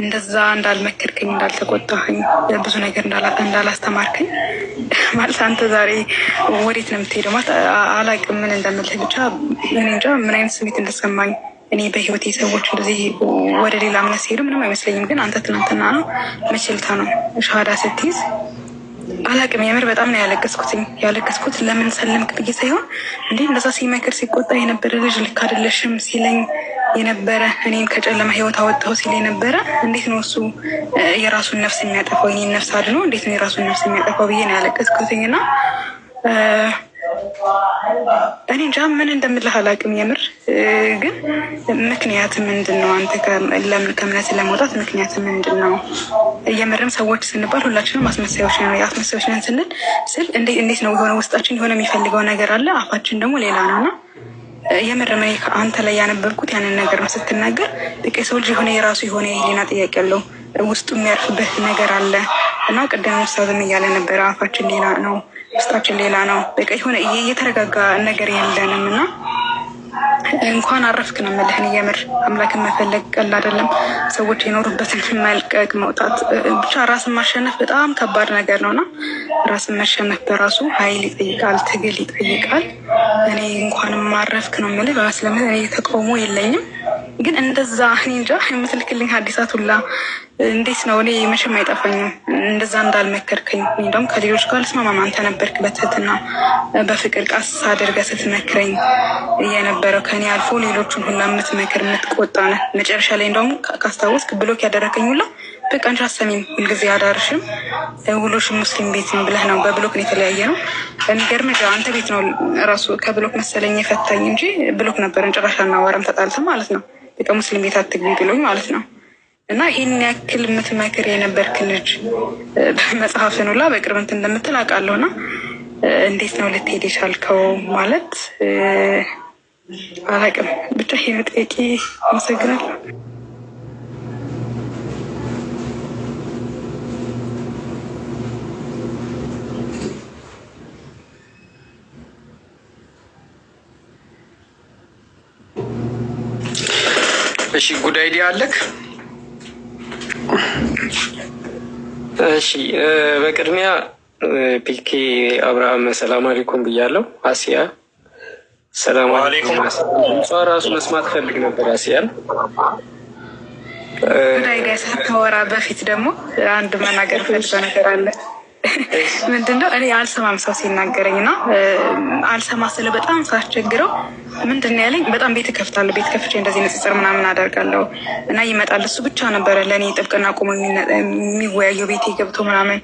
እንደዛ እንዳልመከርከኝ፣ እንዳልተቆጣኝ ብዙ ነገር እንዳላስተማርከኝ ማለት አንተ ዛሬ ወዴት ነው የምትሄደው? ማለት አላቅም ምን እንደምልህ ብቻ እኔ እንጃ ምን አይነት ስሜት እንደሰማኝ እኔ በህይወቴ ሰዎች እንደዚህ ወደ ሌላ እምነት ሲሄዱ ምንም አይመስለኝም። ግን አንተ ትናንትና ነው መችልታ ነው ሻሃዳ ስትይዝ አላቅም የምር በጣም ነው ያለቀስኩትኝ። ያለቀስኩት ለምን ሰለምክ ብዬ ሳይሆን እንዲህ እንደዛ ሲመክር ሲቆጣ የነበረ ልጅ ልክ አይደለሽም ሲለኝ የነበረ እኔን ከጨለማ ህይወት አወጣው ሲል የነበረ እንዴት ነው እሱ የራሱን ነፍስ የሚያጠፋው የኔን ነፍስ አድኖ እንዴት ነው የራሱን ነፍስ የሚያጠፋው ብዬ ነው ያለቀስኩትኝ። እና እኔ እንጃ ምን እንደምልህ አላውቅም የምር ግን ምክንያት ምንድን ነው? አንተ ለምን ከእምነት ለመውጣት ምክንያት ምንድን ነው? የምርም ሰዎች ስንባል ሁላችንም አስመሳዮች ነው። የአስመሳዮች ነን ስንል ስል እንዴት ነው የሆነ ውስጣችን የሆነ የሚፈልገው ነገር አለ፣ አፋችን ደግሞ ሌላ ነው እና የምርም ከአንተ ላይ ያነበብኩት ያንን ነገር ስትናገር ጥቂት ሰው ልጅ የሆነ የራሱ የሆነ የህሊና ጥያቄ አለው፣ ውስጡ የሚያርፍበት ነገር አለ እና ቅድም ውሳዝም እያለ ነበረ። አፋችን ሌላ ነው፣ ውስጣችን ሌላ ነው። በቃ የሆነ የተረጋጋ ነገር የለንም እና እንኳን አረፍክ ነው የምልህን። እየምር አምላክን መፈለግ ቀል አይደለም። ሰዎች የኖሩበትን መልቀቅ መውጣት፣ ብቻ ራስን ማሸነፍ በጣም ከባድ ነገር ነው እና ራስን መሸነፍ በራሱ ኃይል ይጠይቃል፣ ትግል ይጠይቃል። እኔ እንኳን ማረፍክ ነው የምልህ። በመስለምህ ተቃውሞ የለኝም፣ ግን እንደዛ እኔ እንጃ የምትልክልኝ ሀዲሳት ሁላ እንዴት ነው? እኔ መቼም አይጠፋኝም እንደዛ እንዳልመከርከኝ። እንደውም ከሌሎች ጋር አልስማማም። አንተ ነበርክ በትህትና በፍቅር ቃስ አድርገ ስትመክረኝ የነበረው ከኔ አልፎ ሌሎቹን ሁላ የምትመክር የምትቆጣ ነ መጨረሻ ላይ እንደውም ካስታወስክ ብሎክ ያደረከኝ ሁላ በቃ አንቺ አሰሚም ሁልጊዜ አዳርሽም ውሎሽ ሙስሊም ቤት ብለህ ነው። በብሎክ ነው የተለያየ ነው የሚገርምህ። አንተ ቤት ነው ራሱ ከብሎክ መሰለኝ የፈታኝ እንጂ ብሎክ ነበረን ጭራሽ አናወራም ተጣልተን ማለት ነው። በቃ ሙስሊም ቤት አትግቢ ብሎኝ ማለት ነው። እና ይህን ያክል የምትመክር የነበርክ ልጅ መጽሐፍን ሁላ በቅርብ እንትን እንደምትል አውቃለሁ። እና እንዴት ነው ልትሄድ የቻልከው ማለት አላውቅም። ብቻ ይሄ መጠየቄ አመሰግናለሁ። እሺ ጉዳይ ዲ አለክ እሺ በቅድሚያ ፒኬ አብርሃም ሰላም አሌኩም ብያለው። አሲያ ሰላም አሌኩም። እሷ ራሱ መስማት ፈልግ ነበር አሲያን ከወራ በፊት ደግሞ አንድ መናገር ፈልገ ነገር አለ ምንድነው እኔ አልሰማም ሰው ሲናገረኝ ና አልሰማ ስለ በጣም ሳስቸግረው ምንድን ነው ያለኝ፣ በጣም ቤት እከፍታለሁ፣ ቤት ከፍቼ እንደዚህ ንጽጽር ምናምን አደርጋለሁ እና ይመጣል። እሱ ብቻ ነበረ ለእኔ ጥብቅና ቆሞ የሚወያየው ቤቴ ገብቶ ምናምን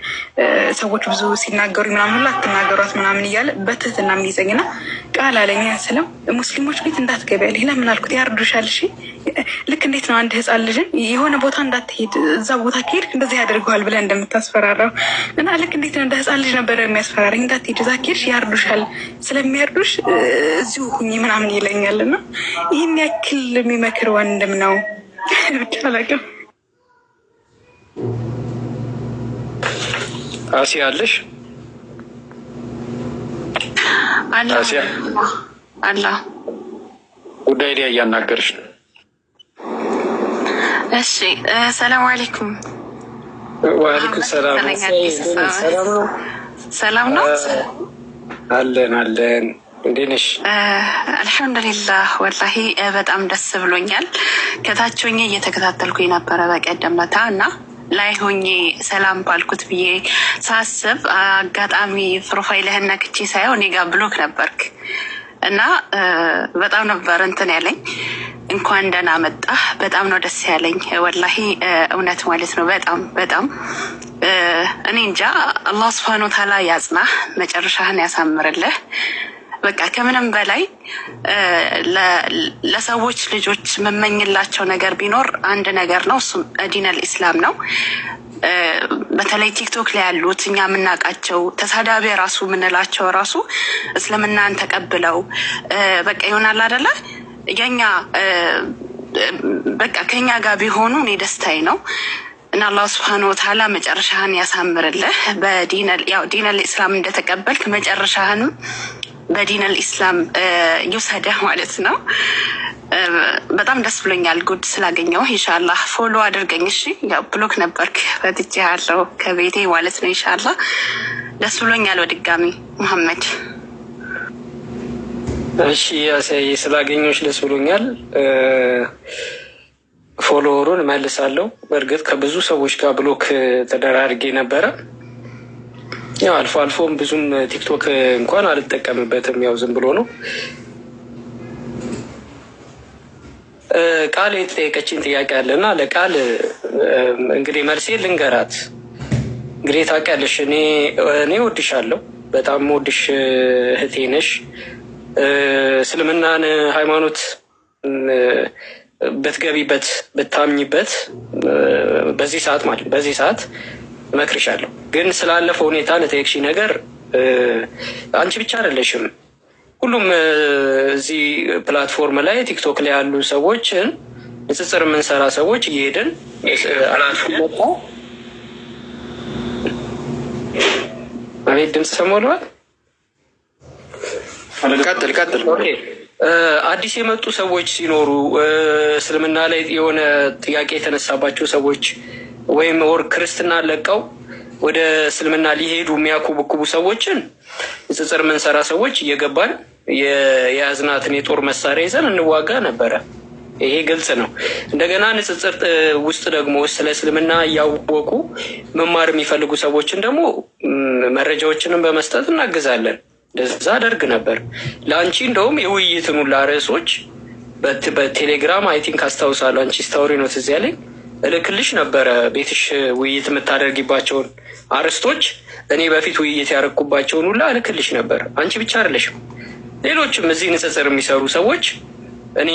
ሰዎች ብዙ ሲናገሩ ምናምን ሁላ አትናገሯት ምናምን እያለ በትህትና የሚይዘኝ እና አለኝ ስለው ሙስሊሞች ቤት እንዳትገቢ ሌላ ምን አልኩት፣ ያርዱሻል። እሺ ልክ እንዴት ነው አንድ ህፃን ልጅን የሆነ ቦታ እንዳትሄድ እዛ ቦታ ከሄድክ እንደዚህ ያደርገዋል ብለን እንደምታስፈራራው እና ልክ እንዴት ነው እንደ ህፃን ልጅ ነበረ የሚያስፈራረኝ። እንዳትሄድ እዛ ከሄድሽ ያርዱሻል፣ ስለሚያርዱሽ እዚሁ ሁኚ ምናምን ይለኛል። እና ይህን ያክል የሚመክር ወንድም ነው ብቻ አላውቅም። አሲ አለሽ አላ ጉዳይ ላይ እያናገረች ነው። እሺ፣ ሰላም አለይኩም። ዋለይኩም ሰላም። ሰላም ነው አለን አለን። እንዴት ነሽ? አልሐምዱሊላህ ወላሂ በጣም ደስ ብሎኛል። ከታች ሆኜ እየተከታተልኩኝ ነበረ በቀደም ለታ እና ላይ ሆኜ ሰላም ባልኩት ብዬ ሳስብ አጋጣሚ ፕሮፋይልህን ነክቼ ሳየው እኔ ጋር ብሎክ ነበርክ እና በጣም ነበር እንትን ያለኝ። እንኳን ደህና መጣ በጣም ነው ደስ ያለኝ ወላሂ እውነት ማለት ነው። በጣም በጣም እኔ እንጃ። አላህ ስብሃነ ወተዓላ ያጽናህ፣ መጨረሻህን ያሳምርልህ። በቃ ከምንም በላይ ለሰዎች ልጆች መመኝላቸው ነገር ቢኖር አንድ ነገር ነው። እሱም ዲነል ኢስላም ነው። በተለይ ቲክቶክ ላይ ያሉት እኛ የምናውቃቸው ተሳዳቢ ራሱ የምንላቸው ራሱ እስልምናን ተቀብለው በቃ ይሆናል አደለ የኛ በቃ ከኛ ጋር ቢሆኑ እኔ ደስታዬ ነው። እና አላህ ስብሐነ ወተዓላ መጨረሻህን ያሳምርልህ። በዲን ያው ዲነል እንደተቀበልክ መጨረሻህንም በዲነል ኢስላም ይውሰደህ ማለት ነው። በጣም ደስ ብሎኛል ጉድ ስላገኘው። ኢንሻላህ ፎሎ አድርገኝ እሺ። ያው ብሎክ ነበርክ ፈትቼ ያለው ከቤቴ ማለት ነው። ኢንሻላህ ደስ ብሎኛል በድጋሚ መሐመድ። እሺ ያሳይ ስላገኘች ደስ ብሎኛል። ፎሎወሩን መልሳለሁ። በእርግጥ ከብዙ ሰዎች ጋር ብሎክ ተደራርጌ ነበረ። ያው አልፎ አልፎም ብዙም ቲክቶክ እንኳን አልጠቀምበትም። ያው ዝም ብሎ ነው። ቃል የተጠየቀችን ጥያቄ አለ እና ለቃል እንግዲህ መልሴ ልንገራት። እንግዲህ ታውቂያለሽ፣ እኔ እኔ እወድሻለሁ በጣም እወድሽ እህቴ ነሽ። እስልምናን ሃይማኖት ብትገቢበት ብታምኝበት በዚህ ሰዓት ማለት በዚህ ሰዓት መክርሻለሁ። ግን ስላለፈው ሁኔታ ለተየክሺ ነገር አንቺ ብቻ አይደለሽም። ሁሉም እዚህ ፕላትፎርም ላይ ቲክቶክ ላይ ያሉ ሰዎችን ንጽጽር የምንሰራ ሰዎች እየሄድን አቤት ድምፅ ሰሞልዋል። ቀጥል ቀጥል። አዲስ የመጡ ሰዎች ሲኖሩ እስልምና ላይ የሆነ ጥያቄ የተነሳባቸው ሰዎች ወይም ወር ክርስትና ለቀው ወደ እስልምና ሊሄዱ የሚያኩብኩቡ ሰዎችን ንጽጽር ምንሰራ ሰዎች እየገባን የያዝናትን የጦር መሳሪያ ይዘን እንዋጋ ነበረ። ይሄ ግልጽ ነው። እንደገና ንጽጽር ውስጥ ደግሞ ስለ እስልምና እያወቁ መማር የሚፈልጉ ሰዎችን ደግሞ መረጃዎችንም በመስጠት እናግዛለን። እንደዛ አደርግ ነበር። ለአንቺ እንደውም የውይይትን ሁላ ርዕሶች በቴሌግራም አይቲንክ አስታውሳለሁ። አንቺ ስታውሪ ነው ትዝ ያለኝ እልክልሽ ነበረ ቤትሽ ውይይት የምታደርጊባቸውን አርዕስቶች እኔ በፊት ውይይት ያደረግኩባቸውን ሁላ እልክልሽ ነበር። አንቺ ብቻ አይደለሽም፣ ሌሎችም እዚህ ንጽጽር የሚሰሩ ሰዎች እኔ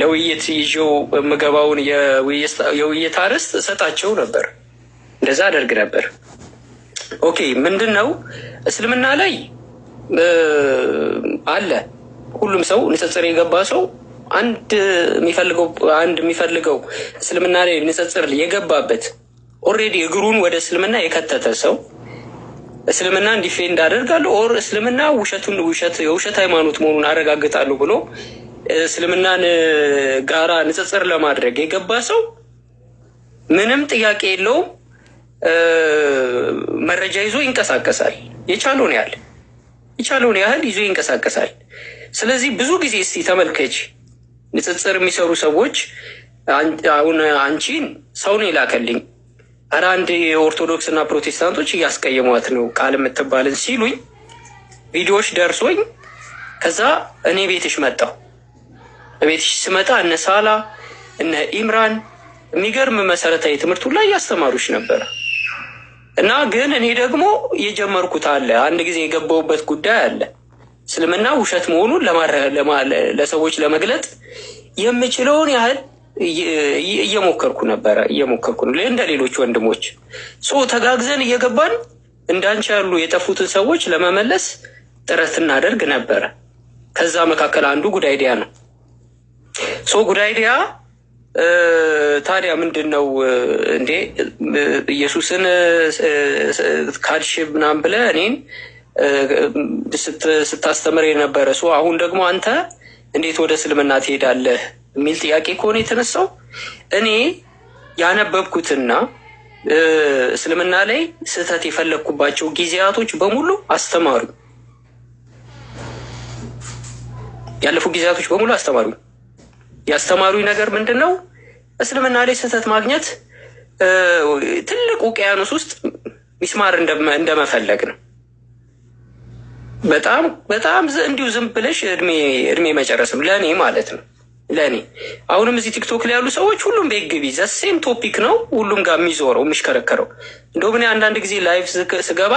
ለውይይት ይዤው የምገባውን የውይይት አርዕስት እሰጣቸው ነበር። እንደዛ አደርግ ነበር። ኦኬ፣ ምንድን ነው እስልምና ላይ አለ ሁሉም ሰው ንጽጽር የገባ ሰው አንድ የሚፈልገው አንድ የሚፈልገው እስልምና ላይ ንጽጽር የገባበት ኦሬዲ እግሩን ወደ እስልምና የከተተ ሰው እስልምና እንዲፌ እንዳደርጋለሁ ኦር እስልምና ውሸቱን ውሸት የውሸት ሃይማኖት መሆኑን አረጋግጣለሁ ብሎ እስልምናን ጋራ ንጽጽር ለማድረግ የገባ ሰው ምንም ጥያቄ የለውም፣ መረጃ ይዞ ይንቀሳቀሳል። የቻለውን ያህል የቻለውን ያህል ይዞ ይንቀሳቀሳል። ስለዚህ ብዙ ጊዜ እስቲ ተመልከች ንጽጽር የሚሰሩ ሰዎች አሁን አንቺን ሰው ነው ይላከልኝ፣ ኧረ አንድ የኦርቶዶክስ እና ፕሮቴስታንቶች እያስቀየሟት ነው ቃል የምትባልን ሲሉኝ ቪዲዮዎች ደርሶኝ ከዛ እኔ ቤትሽ መጣሁ። ቤትሽ ስመጣ እነ ሳላ እነ ኢምራን የሚገርም መሰረታዊ ትምህርቱ ላይ እያስተማሩች ነበረ እና ግን እኔ ደግሞ የጀመርኩት አለ አንድ ጊዜ የገባሁበት ጉዳይ አለ እስልምና ውሸት መሆኑን ለሰዎች ለመግለጥ የምችለውን ያህል እየሞከርኩ ነበረ እየሞከርኩ ነው እንደ ሌሎች ወንድሞች ሶ ተጋግዘን እየገባን እንዳንቺ ያሉ የጠፉትን ሰዎች ለመመለስ ጥረት እናደርግ ነበረ። ከዛ መካከል አንዱ ጉዳይዲያ ነው። ሶ ጉዳይዲያ ታዲያ ምንድን ነው እንዴ ኢየሱስን ካድሽ ምናምን ብለህ እኔን ስታስተምር የነበረ ሰው አሁን ደግሞ አንተ እንዴት ወደ እስልምና ትሄዳለህ የሚል ጥያቄ ከሆነ የተነሳው እኔ ያነበብኩትና እስልምና ላይ ስህተት የፈለግኩባቸው ጊዜያቶች በሙሉ አስተማሩ ያለፉ ጊዜያቶች በሙሉ አስተማሩ። ያስተማሩኝ ነገር ምንድን ነው? እስልምና ላይ ስህተት ማግኘት ትልቅ ውቅያኖስ ውስጥ ሚስማር እንደመፈለግ ነው። በጣም በጣም እንዲሁ ዝም ብለሽ እድሜ እድሜ መጨረስም ለእኔ ማለት ነው። ለእኔ አሁንም እዚህ ቲክቶክ ላይ ያሉ ሰዎች ሁሉም ቤግቢ ዘሴም ቶፒክ ነው ሁሉም ጋር የሚዞረው የሚሽከረከረው። እንደውም እኔ አንዳንድ ጊዜ ላይፍ ስገባ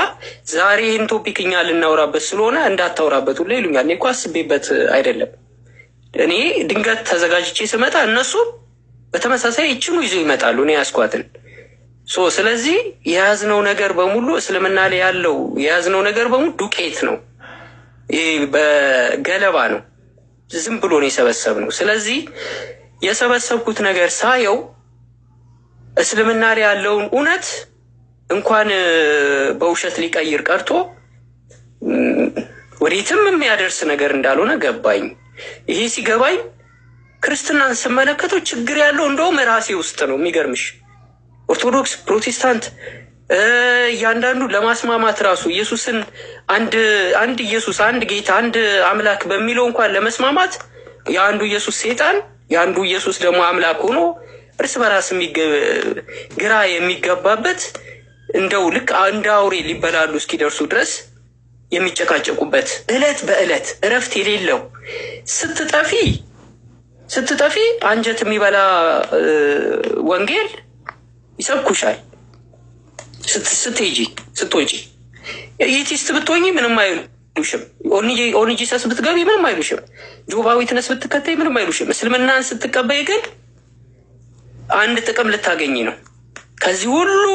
ዛሬ ይህን ቶፒክ እኛ ልናወራበት ስለሆነ እንዳታወራበት ሁላ ይሉኛል። እኔ እኮ አስቤበት አይደለም። እኔ ድንገት ተዘጋጅቼ ስመጣ እነሱ በተመሳሳይ ይችኑ ይዘው ይመጣሉ። እኔ ያስኳትን ሶ ስለዚህ የያዝነው ነገር በሙሉ እስልምና ላይ ያለው የያዝነው ነገር በሙሉ ዱቄት ነው። ገለባ ነው፣ ዝም ብሎ ነው የሰበሰብነው። ስለዚህ የሰበሰብኩት ነገር ሳየው እስልምና ላይ ያለውን እውነት እንኳን በውሸት ሊቀይር ቀርቶ ወዴትም የሚያደርስ ነገር እንዳልሆነ ገባኝ። ይሄ ሲገባኝ ክርስትናን ስመለከተው ችግር ያለው እንደውም ራሴ ውስጥ ነው። የሚገርምሽ ኦርቶዶክስ፣ ፕሮቴስታንት እያንዳንዱ ለማስማማት ራሱ ኢየሱስን አንድ አንድ ኢየሱስ አንድ ጌታ አንድ አምላክ በሚለው እንኳን ለመስማማት የአንዱ ኢየሱስ ሴጣን የአንዱ ኢየሱስ ደግሞ አምላክ ሆኖ እርስ በራስ ግራ የሚገባበት እንደው ልክ እንደ አውሬ ሊበላሉ እስኪደርሱ ድረስ የሚጨቃጨቁበት እለት በእለት እረፍት የሌለው ስትጠፊ ስትጠፊ አንጀት የሚበላ ወንጌል ይሰብኩሻል። ስትሄጂ ስትወጪ የቲስት ብትሆኚ ምንም አይሉሽም። ኦንጂ ሰስ ብትገቢ ምንም አይሉሽም። ጆባዊትነስ ብትከተይ ምንም አይሉሽም። እስልምናን ስትቀበይ ግን አንድ ጥቅም ልታገኝ ነው። ከዚህ ሁሉ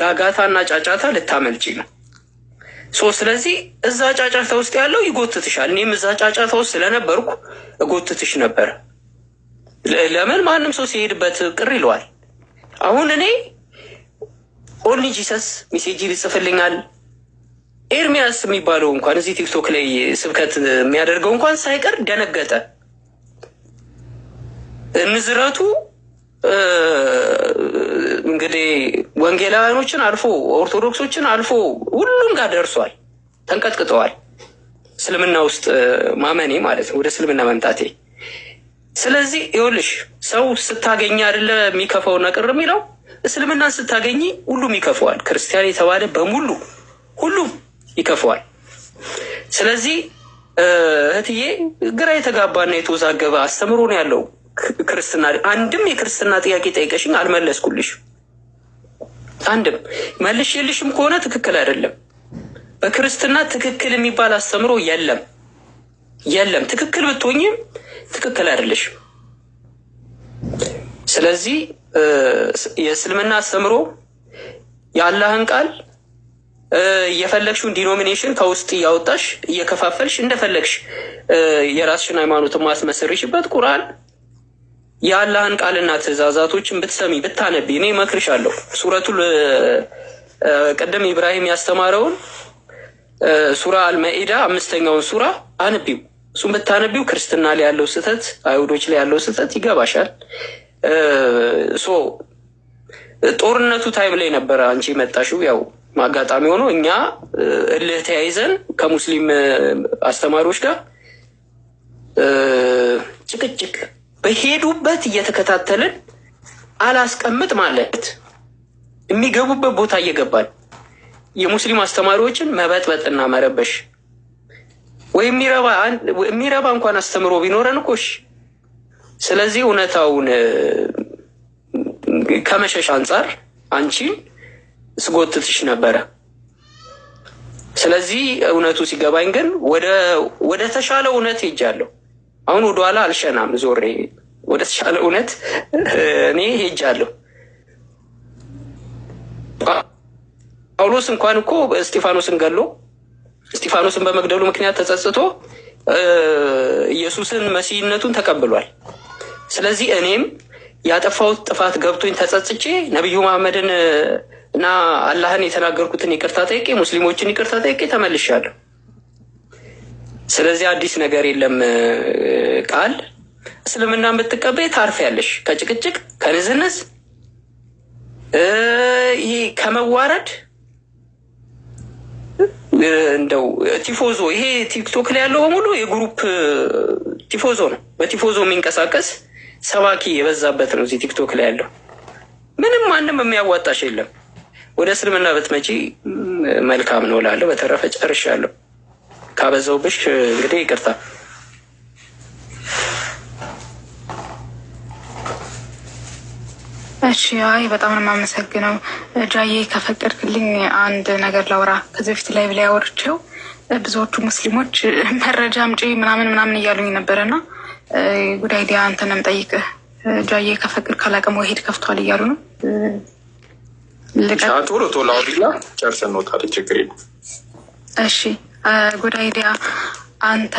ጋጋታና ጫጫታ ልታመልጪ ነው። ሶ ስለዚህ እዛ ጫጫታ ውስጥ ያለው ይጎትትሻል። እኔም እዛ ጫጫታ ውስጥ ስለነበርኩ እጎትትሽ ነበር። ለምን ማንም ሰው ሲሄድበት ቅር ይለዋል። አሁን እኔ ኦንሊ ጂሰስ ሜሴጅ ይጽፍልኛል። ኤርሚያስ የሚባለው እንኳን እዚህ ቲክቶክ ላይ ስብከት የሚያደርገው እንኳን ሳይቀር ደነገጠ። ንዝረቱ እንግዲህ ወንጌላውያኖችን አልፎ ኦርቶዶክሶችን አልፎ ሁሉም ጋር ደርሷል። ተንቀጥቅጠዋል። እስልምና ውስጥ ማመኔ ማለት ነው፣ ወደ እስልምና መምጣቴ። ስለዚህ ይኸውልሽ ሰው ስታገኘ አይደለ የሚከፋውና ቅር የሚለው እስልምና ስታገኝ ሁሉም ይከፈዋል። ክርስቲያን የተባለ በሙሉ ሁሉም ይከፈዋል። ስለዚህ እህትዬ ግራ የተጋባና የተወዛገበ አስተምሮ ነው ያለው ክርስትና። አንድም የክርስትና ጥያቄ ጠይቀሽኝ አልመለስኩልሽ። አንድም የልሽም ከሆነ ትክክል አይደለም። በክርስትና ትክክል የሚባል አስተምሮ የለም የለም። ትክክል ብትሆኝም ትክክል አይደለሽም። ስለዚህ የእስልምና አስተምሮ የአላህን ቃል እየፈለግሽውን ዲኖሚኔሽን ከውስጥ እያወጣሽ እየከፋፈልሽ እንደፈለግሽ የራስሽን ሃይማኖት ማስመሰርሽበት ቁርአን የአላህን ቃልና ትእዛዛቶችን ብትሰሚ ብታነቢ እኔ እመክርሻለሁ። ሱረቱ ቅድም ኢብራሂም ያስተማረውን ሱራ አልመኢዳ አምስተኛውን ሱራ አንቢው። እሱም ብታነቢው ክርስትና ላይ ያለው ስህተት፣ አይሁዶች ላይ ያለው ስህተት ይገባሻል። ሶ ጦርነቱ ታይም ላይ ነበረ አንቺ መጣሽው ያው አጋጣሚ ሆኖ እኛ እልህ ተያይዘን ከሙስሊም አስተማሪዎች ጋር ጭቅጭቅ በሄዱበት እየተከታተልን አላስቀምጥ ማለት የሚገቡበት ቦታ እየገባን የሙስሊም አስተማሪዎችን መበጥበጥና መረበሽ ወይ የሚረባ እንኳን አስተምሮ ቢኖረን እኮሽ ስለዚህ እውነታውን ከመሸሽ አንጻር አንቺን ስጎትትሽ ነበረ። ስለዚህ እውነቱ ሲገባኝ ግን ወደ ተሻለ እውነት ሄጃለሁ። አሁን ወደኋላ አልሸናም፣ ዞሬ ወደ ተሻለ እውነት እኔ ሄጃለሁ። ጳውሎስ እንኳን እኮ እስጢፋኖስን ገሎ እስጢፋኖስን በመግደሉ ምክንያት ተጸጽቶ ኢየሱስን መሲህነቱን ተቀብሏል። ስለዚህ እኔም ያጠፋሁት ጥፋት ገብቶኝ ተጸጽቼ ነቢዩ መሐመድን እና አላህን የተናገርኩትን ይቅርታ ጠይቄ ሙስሊሞችን ይቅርታ ጠይቄ ተመልሻለሁ። ስለዚህ አዲስ ነገር የለም። ቃል እስልምናን ብትቀበይ ታርፊያለሽ ከጭቅጭቅ፣ ከንዝንዝ፣ ከመዋረድ እንደው ቲፎዞ ይሄ ቲክቶክ ላይ ያለው በሙሉ የግሩፕ ቲፎዞ ነው። በቲፎዞ የሚንቀሳቀስ ሰባኪ የበዛበት ነው እዚህ ቲክቶክ ላይ ያለው። ምንም ማንም የሚያዋጣሽ የለም። ወደ እስልምና ብትመጪ መልካም ነው እላለሁ። በተረፈ ጨርሻለሁ። ካበዛውብሽ እንግዲህ ይቅርታ። እሺ፣ አይ በጣም ነው የማመሰግነው ጃዬ። ከፈቀድክልኝ አንድ ነገር ላውራ። ከዚህ በፊት ላይ ብላይ ያወርቸው ብዙዎቹ ሙስሊሞች መረጃ አምጪ ምናምን ምናምን እያሉኝ ነበረና ጉድ አይዲያ አንተንም ጠይቅህ ጃዬ ከፈቅድ ካላቀም ወሄድ ከፍቷል እያሉ ነው። ቶሎ ቶሎ አውሪላ ጨርሰን እንወጣለን። ችግር የለም። እሺ ጉዳይ ዲያ አንተ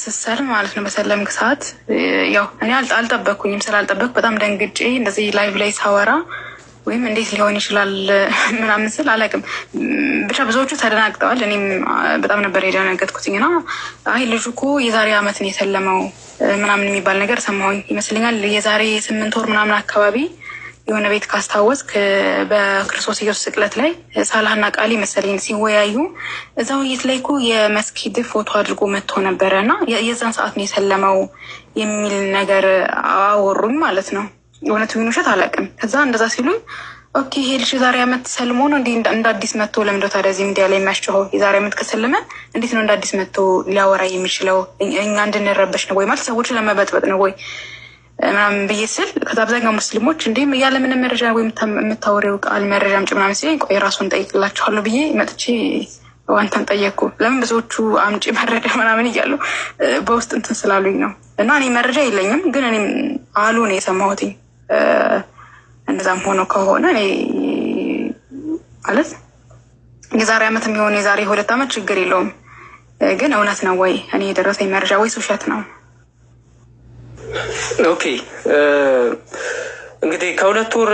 ስሰል ማለት ነው በሰለምክ ሰዓት ያው እኔ አልጠበቅኩኝም። ስላልጠበቅኩ በጣም ደንግጬ እንደዚህ ላይቭ ላይ ሳወራ ወይም እንዴት ሊሆን ይችላል ምናምን ስል አላውቅም። ብቻ ብዙዎቹ ተደናግጠዋል። እኔም በጣም ነበር የደነገጥኩትኝ እና አይ ልጁ እኮ የዛሬ ዓመት ነው የሰለመው ምናምን የሚባል ነገር ሰማሁኝ ይመስለኛል። የዛሬ ስምንት ወር ምናምን አካባቢ የሆነ ቤት ካስታወስክ በክርስቶስ ኢየሱስ ስቅለት ላይ ሳላህና ቃሊ መሰለኝ ሲወያዩ እዛ ውይይት ላይ እኮ የመስኪድ ፎቶ አድርጎ መጥቶ ነበረ እና የዛን ሰዓት ነው የሰለመው የሚል ነገር አወሩኝ ማለት ነው። እውነቱ ውሸት አላውቅም። ከዛ እንደዛ ሲሉኝ ኦኬ ይሄ ልጅ የዛሬ አመት ሰልሞ ነው እንዲህ እንደ አዲስ መጥቶ ለምዶ ታዲያ እዚህ ሚዲያ ላይ የሚያስጮኸው? የዛሬ ዓመት ከሰለመ እንዴት ነው እንደ አዲስ መጥቶ ሊያወራ የሚችለው? እኛ እንድንረበሽ ነው ወይ ማለት ሰዎች ለመበጥበጥ ነው ወይ ምናምን ብዬ ስል ከዛ አብዛኛው ሙስሊሞች እንዲህም ምንም መረጃ ወይም የምታወሪው ቃል መረጃ ምጭ ምናምን ሲለኝ ቆይ ራሱን ጠይቅላችኋለሁ ብዬ መጥቼ ዋንተን ጠየቅኩ። ለምን ብዙዎቹ አምጪ መረጃ ምናምን እያሉ በውስጥ እንትን ስላሉኝ ነው። እና እኔ መረጃ የለኝም ግን እኔም አሉ ነው የሰማሁትኝ እንደዛም ሆኖ ከሆነ ማለት የዛሬ ዓመት የሚሆን የዛሬ ሁለት ዓመት ችግር የለውም። ግን እውነት ነው ወይ እኔ የደረሰኝ መረጃ ወይስ ውሸት ነው? ኦኬ እንግዲህ ከሁለት ወር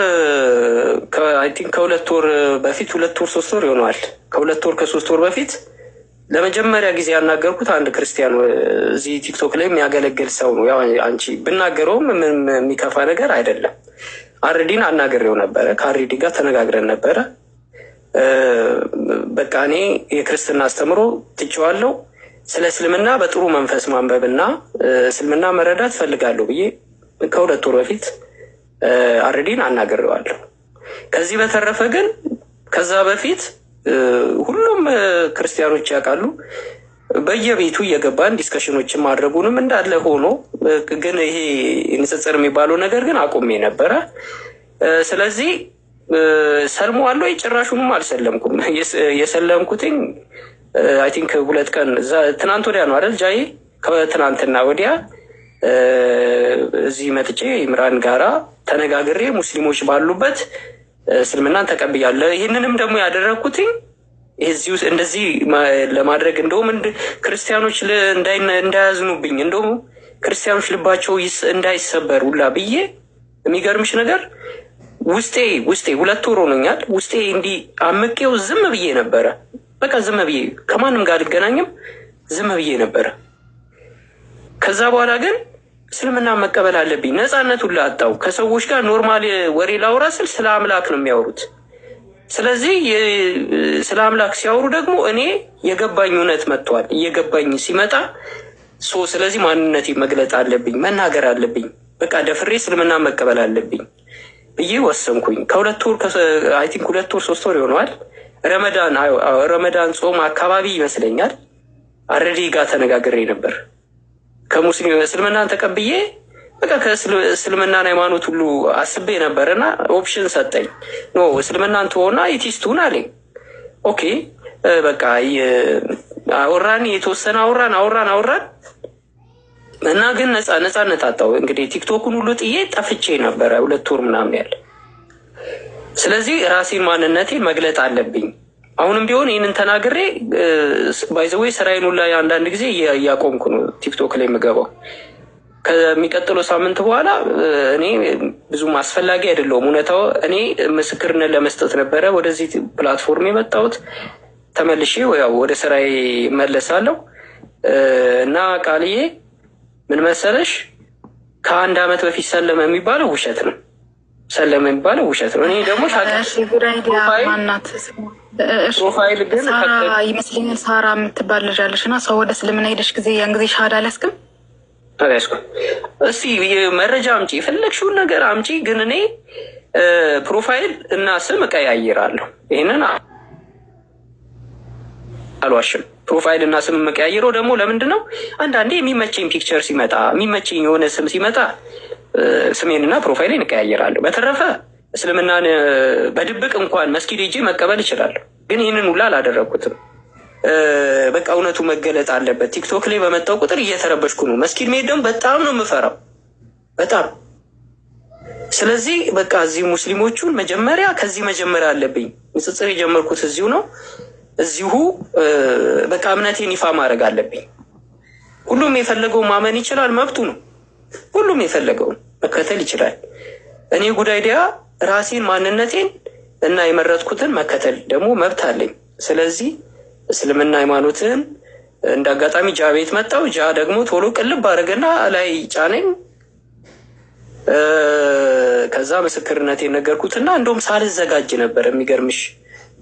አይ ቲንክ ከሁለት ወር በፊት ሁለት ወር ሶስት ወር ይሆነዋል። ከሁለት ወር ከሶስት ወር በፊት ለመጀመሪያ ጊዜ ያናገርኩት አንድ ክርስቲያን እዚህ ቲክቶክ ላይ የሚያገለግል ሰው ነው። ያው አንቺ ብናገረውም ምንም የሚከፋ ነገር አይደለም። አርዲን አናግሬው ነበረ። ከአርዲ ጋር ተነጋግረን ነበረ። በቃ እኔ የክርስትና አስተምሮ ትቼዋለሁ። ስለ እስልምና በጥሩ መንፈስ ማንበብና እስልምና መረዳት ፈልጋለሁ ብዬ ከሁለት ወር በፊት አርዲን አናግሬዋለሁ። ከዚህ በተረፈ ግን ከዛ በፊት ሁሉም ክርስቲያኖች ያውቃሉ በየቤቱ እየገባን ዲስከሽኖችን ማድረጉንም እንዳለ ሆኖ ግን ይሄ ንጽጽር የሚባለው ነገር ግን አቁሜ ነበረ። ስለዚህ ሰልሞ ሰልመዋለሁ ጭራሹንም አልሰለምኩም። የሰለምኩትኝ አይ ቲንክ ሁለት ቀን ትናንት ወዲያ ነው አይደል ጃዬ? ከትናንትና ወዲያ እዚህ መጥቼ ኢምራን ጋራ ተነጋግሬ ሙስሊሞች ባሉበት እስልምናን ተቀብያለሁ። ይህንንም ደግሞ ያደረግኩትኝ እዚህ ውስጥ እንደዚህ ለማድረግ እንደውም ክርስቲያኖች እንዳያዝኑብኝ እንደውም ክርስቲያኖች ልባቸው እንዳይሰበር ሁላ ብዬ የሚገርምሽ ነገር ውስጤ ውስጤ ሁለት ወር ሆኖኛል። ውስጤ እንዲህ አምቄው ዝም ብዬ ነበረ። በቃ ዝም ብዬ ከማንም ጋር አልገናኝም፣ ዝም ብዬ ነበረ። ከዛ በኋላ ግን እስልምና መቀበል አለብኝ። ነፃነት ሁላ አጣው። ከሰዎች ጋር ኖርማል ወሬ ላውራ ስል ስለ አምላክ ነው የሚያወሩት። ስለዚህ ስለ አምላክ ሲያወሩ ደግሞ እኔ የገባኝ እውነት መጥቷል። እየገባኝ ሲመጣ ሶ ስለዚህ ማንነቴ መግለጥ አለብኝ፣ መናገር አለብኝ። በቃ ደፍሬ እስልምና መቀበል አለብኝ ብዬ ወሰንኩኝ። ከሁለት ወር አይ ቲንክ ሁለት ወር ሶስት ወር ይሆነዋል። ረመዳን ረመዳን ጾም አካባቢ ይመስለኛል አረዴ ጋር ተነጋግሬ ነበር ከሙስሊም እስልምናን ተቀብዬ በቃ ከእስልምናን ሃይማኖት ሁሉ አስቤ ነበርና ኦፕሽን ሰጠኝ። ኖ እስልምናን ትሆና ኢቲስቱን አለኝ። ኦኬ በቃ አወራን፣ የተወሰነ አወራን አወራን አወራን እና ግን ነፃ ነፃነት አጣው። እንግዲህ ቲክቶኩን ሁሉ ጥዬ ጠፍቼ ነበረ ሁለት ወር ምናምን ያለ። ስለዚህ ራሴን ማንነቴን መግለጥ አለብኝ። አሁንም ቢሆን ይህንን ተናግሬ ባይዘወይ ስራዬን ሁላ አንዳንድ ጊዜ እያቆምኩ ነው ቲክቶክ ላይ የምገባው ከሚቀጥለው ሳምንት በኋላ እኔ ብዙም አስፈላጊ አይደለውም። እውነታው እኔ ምስክርነት ለመስጠት ነበረ ወደዚህ ፕላትፎርም የመጣሁት። ተመልሼ ያው ወደ ስራዬ መለሳለሁ እና ቃልዬ ምን መሰለሽ፣ ከአንድ አመት በፊት ሰለመ የሚባለው ውሸት ነው። ሰለመ የሚባለው ውሸት ነው። እኔ ደግሞ ፕሮፋይል ግን ይመስለኛል ሳራ የምትባል ልጅ ልጃለሽ እና ሰው ወደ እስልምና ሄደሽ ጊዜ ያን ጊዜ ሻሃዳ አልያዝክም እስቲ መረጃ አምጪ፣ የፈለግሽውን ነገር አምጪ። ግን እኔ ፕሮፋይል እና ስም እቀያይራለሁ። ይህንን አልዋሽም። ፕሮፋይል እና ስም የምቀያይረው ደግሞ ለምንድን ነው? አንዳንዴ የሚመቸኝ ፒክቸር ሲመጣ፣ የሚመቸኝ የሆነ ስም ሲመጣ ስሜንና ፕሮፋይሌን እቀያይራለሁ። በተረፈ እስልምናን በድብቅ እንኳን መስጊድ ሄጄ መቀበል እችላለሁ። ግን ይህንን ሁላ አላደረግኩትም። በቃ እውነቱ መገለጥ አለበት። ቲክቶክ ላይ በመጣው ቁጥር እየተረበሽኩ ነው። መስጊድ መሄድ ደግሞ በጣም ነው የምፈራው፣ በጣም ስለዚህ በቃ እዚህ ሙስሊሞቹን መጀመሪያ ከዚህ መጀመሪያ አለብኝ። ንጽጽር የጀመርኩት እዚሁ ነው። እዚሁ በቃ እምነቴን ይፋ ማድረግ አለብኝ። ሁሉም የፈለገው ማመን ይችላል፣ መብቱ ነው። ሁሉም የፈለገውን መከተል ይችላል። እኔ ጉዳይ ዲያ ራሴን ማንነቴን እና የመረጥኩትን መከተል ደግሞ መብት አለኝ። ስለዚህ እስልምና ሃይማኖትን እንደ አጋጣሚ ጃ ቤት መጣው። ጃ ደግሞ ቶሎ ቅልብ አድርገና ላይ ጫነኝ። ከዛ ምስክርነት የነገርኩትና እንደውም ሳልዘጋጅ ነበር የሚገርምሽ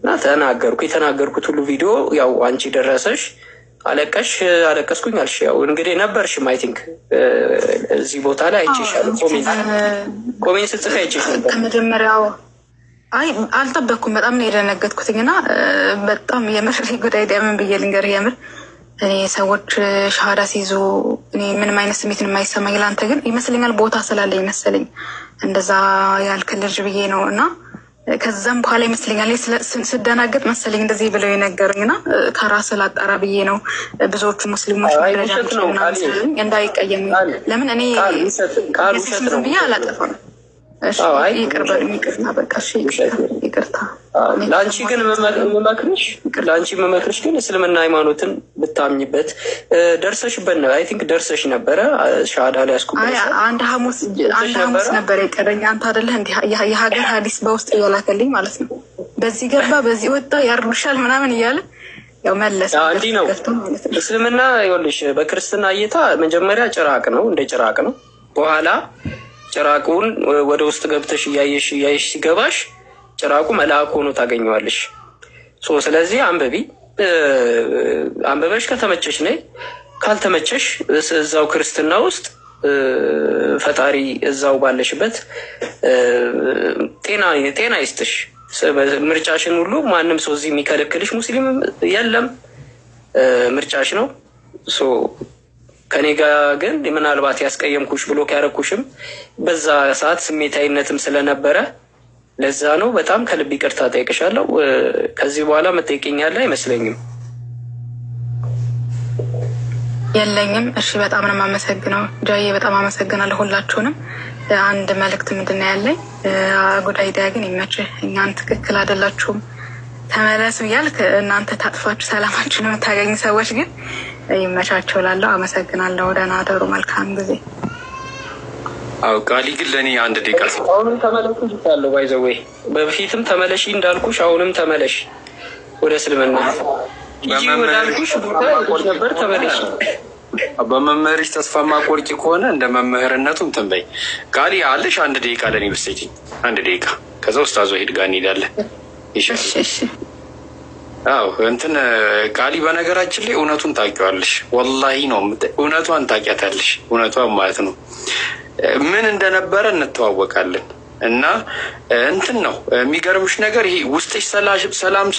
እና ተናገርኩ። የተናገርኩት ሁሉ ቪዲዮ ያው አንቺ ደረሰሽ፣ አለቀሽ፣ አለቀስኩኝ አልሽ። ያው እንግዲህ ነበርሽም አይ ቲንክ እዚህ ቦታ ላይ አይቼሻለሁ። ኮሜንት ኮሜንት ስጽፍ አይቼሽ ነበር። አይ አልጠበኩም። በጣም ነው የደነገጥኩትኝ እና በጣም የምር ጉዳይ ዳምን ብዬ ልንገር የምር እኔ ሰዎች ሻሃዳ ሲይዙ እኔ ምንም አይነት ስሜት የማይሰማኝ ለአንተ ግን ይመስለኛል ቦታ ስላለኝ መሰለኝ እንደዛ ያልክ ልጅ ብዬ ነው እና ከዛም በኋላ ይመስለኛል ስደናገጥ መሰለኝ እንደዚህ ብለው የነገሩኝ እና ከራስ ላጣራ ብዬ ነው። ብዙዎቹ ሙስሊሞች ደረጃ እንዳይቀየሙ ለምን እኔ ብዬ አላጠፋም ለአንቺ ግን የምመክርሽ ለአንቺ የምመክርሽ ግን እስልምና ሃይማኖትን ብታምኝበት ደርሰሽበት ነው። አይ ቲንክ ደርሰሽ ነበረ ሻዳ ላይ ያስኩብሽ አንድ ሐሙስ ነበረ የቀረኝ። አንተ አደለ እንዲ የሀገር ሀዲስ በውስጥ እያላከልኝ ማለት ነው። በዚህ ገባ በዚህ ወጣ ያርዱሻል ምናምን እያለ እንዲህ ነው እስልምና። ይኸውልሽ በክርስትና እይታ መጀመሪያ ጭራቅ ነው፣ እንደ ጭራቅ ነው በኋላ ጭራቁን ወደ ውስጥ ገብተሽ እያየሽ እያየሽ ሲገባሽ ጭራቁ መልአክ ሆኖ ታገኘዋለሽ። ስለዚህ አንበቢ፣ አንበበሽ ከተመቸሽ ነይ፣ ካልተመቸሽ እዛው ክርስትና ውስጥ ፈጣሪ እዛው ባለሽበት ጤና ይስጥሽ። ምርጫሽን ሁሉ ማንም ሰው እዚህ የሚከለክልሽ ሙስሊም የለም። ምርጫሽ ነው። ከኔ ጋር ግን ምናልባት ያስቀየምኩሽ ብሎ ያረኩሽም በዛ ሰዓት ስሜታዊነትም ስለነበረ ለዛ ነው። በጣም ከልብ ይቅርታ ጠይቅሻለሁ። ከዚህ በኋላ መጠይቅኛለ አይመስለኝም። የለኝም። እሺ፣ በጣም ነው የማመሰግነው ጃዬ፣ በጣም አመሰግናለሁ ሁላችሁንም። አንድ መልእክት ምንድን ነው ያለኝ፣ ጉዳይ ግን ይመችህ፣ እኛን ትክክል አይደላችሁም ተመለስ ብያልክ እናንተ ታጥፋችሁ ሰላማችሁን የምታገኝ ሰዎች ግን ይመቻቸው ላለው አመሰግናለሁ። ደህና አደሩ። መልካም ጊዜ። አው ቃሊ ግን ለእኔ አንድ ደቂቃ አሁንም ተመለሱ ይቻለሁ ባይዘዌ በፊትም ተመለሺ እንዳልኩሽ አሁንም ተመለሽ ወደ እስልምና ወዳልኩሽ ቦታ ነበር ተመለሽ። በመምህርሽ ተስፋ ማቆርጭ ከሆነ እንደ መምህርነቱም ትንበይ። ቃሊ አለሽ አንድ ደቂቃ ለእኔ ብትሰጪኝ አንድ ደቂቃ፣ ከዛ ውስጥ አዞ ሄድ ጋር እንሄዳለን ይሻል። አዎ እንትን ቃሊ በነገራችን ላይ እውነቱን ታውቂዋለሽ። ወላሂ ነው እውነቷን ታውቂያታለሽ። እውነቷን ማለት ነው ምን እንደነበረ እንተዋወቃለን። እና እንትን ነው የሚገርምሽ ነገር ይሄ ውስጥሽ ሰላም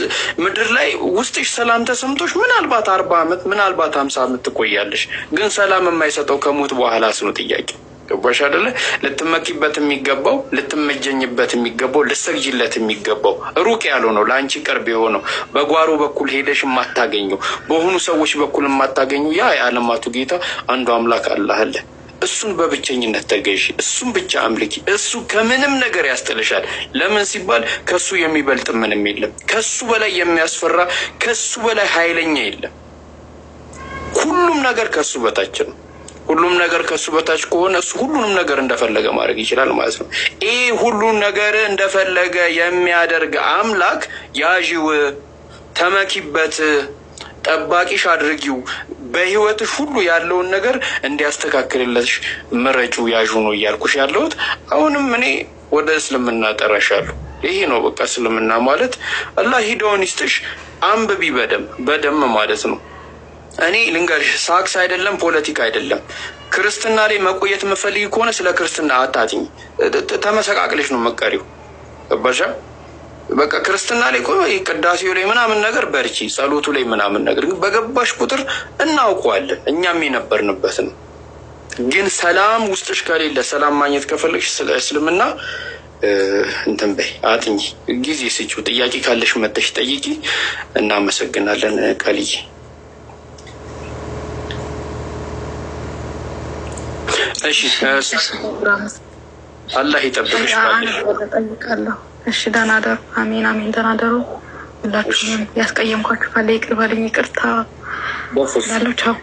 ምድር ላይ ውስጥሽ ሰላም ተሰምቶሽ ምናልባት አርባ ዓመት ምናልባት ሀምሳ ዓመት ትቆያለሽ። ግን ሰላም የማይሰጠው ከሞት በኋላ ስኑ ጥያቄ ገባሽ አደለ? ልትመኪበት የሚገባው ልትመጀኝበት የሚገባው ልሰግጅለት የሚገባው ሩቅ ያለው ነው፣ ለአንቺ ቅርብ የሆነው በጓሮ በኩል ሄደሽ የማታገኘው በሆኑ ሰዎች በኩል የማታገኘው ያ የዓለማቱ ጌታ አንዱ አምላክ አላለ። እሱን በብቸኝነት ተገዢ፣ እሱን ብቻ አምልኪ። እሱ ከምንም ነገር ያስጥልሻል። ለምን ሲባል ከሱ የሚበልጥ ምንም የለም። ከሱ በላይ የሚያስፈራ ከሱ በላይ ኃይለኛ የለም። ሁሉም ነገር ከሱ በታች ነው። ሁሉም ነገር ከእሱ በታች ከሆነ እሱ ሁሉንም ነገር እንደፈለገ ማድረግ ይችላል ማለት ነው። ይህ ሁሉን ነገር እንደፈለገ የሚያደርግ አምላክ ያዥው፣ ተመኪበት፣ ጠባቂሽ አድርጊው፣ በህይወትሽ ሁሉ ያለውን ነገር እንዲያስተካክልለሽ ምረጩ፣ ያዥ ነው እያልኩሽ ያለሁት። አሁንም እኔ ወደ እስልምና ጠራሻለሁ። ይሄ ነው በቃ እስልምና ማለት። አላህ ሂዳውን ይስጥሽ። አንብቢ በደም በደም ማለት ነው። እኔ ልንገርሽ፣ ሳክስ አይደለም ፖለቲካ አይደለም። ክርስትና ላይ መቆየት የምፈልግ ከሆነ ስለ ክርስትና አታጥኝ። ተመሰቃቅለሽ ነው መቀሪው ገባሻ? በቃ ክርስትና ላይ ቆይ፣ ቅዳሴው ላይ ምናምን ነገር በርቺ፣ ጸሎቱ ላይ ምናምን ነገር በገባሽ ቁጥር እናውቀዋለን። እኛም የነበርንበት ነው። ግን ሰላም ውስጥሽ ከሌለ ሰላም ማግኘት ከፈለግሽ ስለ እስልምና እንትን በይ፣ አጥኚ፣ ጊዜ ስጪው። ጥያቄ ካለሽ መጠሽ ጠይቂ። እናመሰግናለን ቃልዬ። እሺ አላህ ይጠብቅሽ። ጠይቃለሁ። እሺ ደህና ደሩ። አሜን አሜን። ደህና ደሩ። ሁላችሁም ያስቀየምኳችሁ ካለ ይቅር በልኝ። ይቅርታ ቻው።